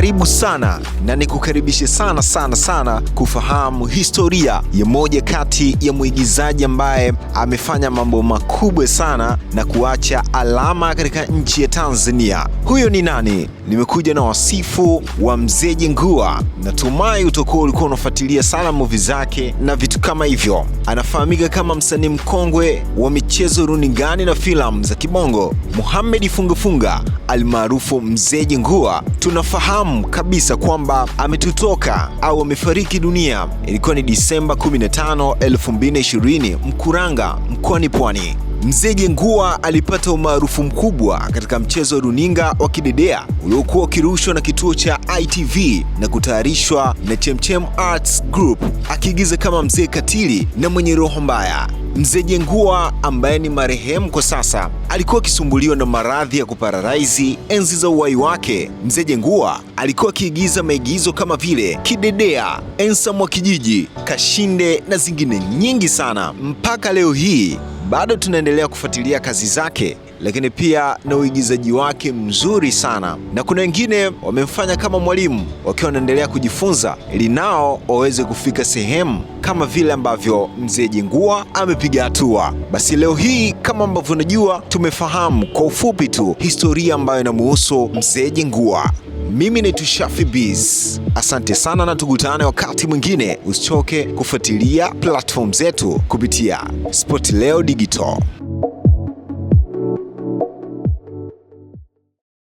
karibu sana na nikukaribishe sana sana sana kufahamu historia ya moja kati ya mwigizaji ambaye amefanya mambo makubwa sana na kuacha alama katika nchi ya Tanzania. Huyo ni nani? Nimekuja na wasifu wa Mzee Jengua. Natumai utakuwa ulikuwa unafuatilia sana movie zake na vitu kama hivyo. Anafahamika kama msanii mkongwe wa michezo runingani na filamu za kibongo, Mohamed Fungafunga almaarufu Mzee Jengua. Tunafahamu kufahamu kabisa kwamba ametutoka au amefariki dunia. Ilikuwa ni Disemba 15, 2020 Mkuranga mkoani Pwani. Mzee Jengua alipata umaarufu mkubwa katika mchezo wa runinga wa kidedea uliokuwa ukirushwa na kituo cha ITV na kutayarishwa na Chemchem Arts Group, akiigiza kama mzee katili na mwenye roho mbaya. Mzee Jengua ambaye ni marehemu kwa sasa alikuwa akisumbuliwa na maradhi ya kupararaizi enzi za uhai wake. Mzee Jengua alikuwa akiigiza maigizo kama vile Kidedea, Ensa mwa Kijiji, Kashinde na zingine nyingi sana mpaka leo hii bado tunaendelea kufuatilia kazi zake, lakini pia na uigizaji wake mzuri sana, na kuna wengine wamemfanya kama mwalimu, wakiwa wanaendelea kujifunza ili nao waweze kufika sehemu kama vile ambavyo mzee Jengua amepiga hatua. Basi leo hii kama ambavyo unajua, tumefahamu kwa ufupi tu historia ambayo inamuhusu mzee Jengua. Mimi ni Tushafi Biz, asante sana na tukutane wakati mwingine. Usichoke kufuatilia platform zetu kupitia Sport Leo Digital.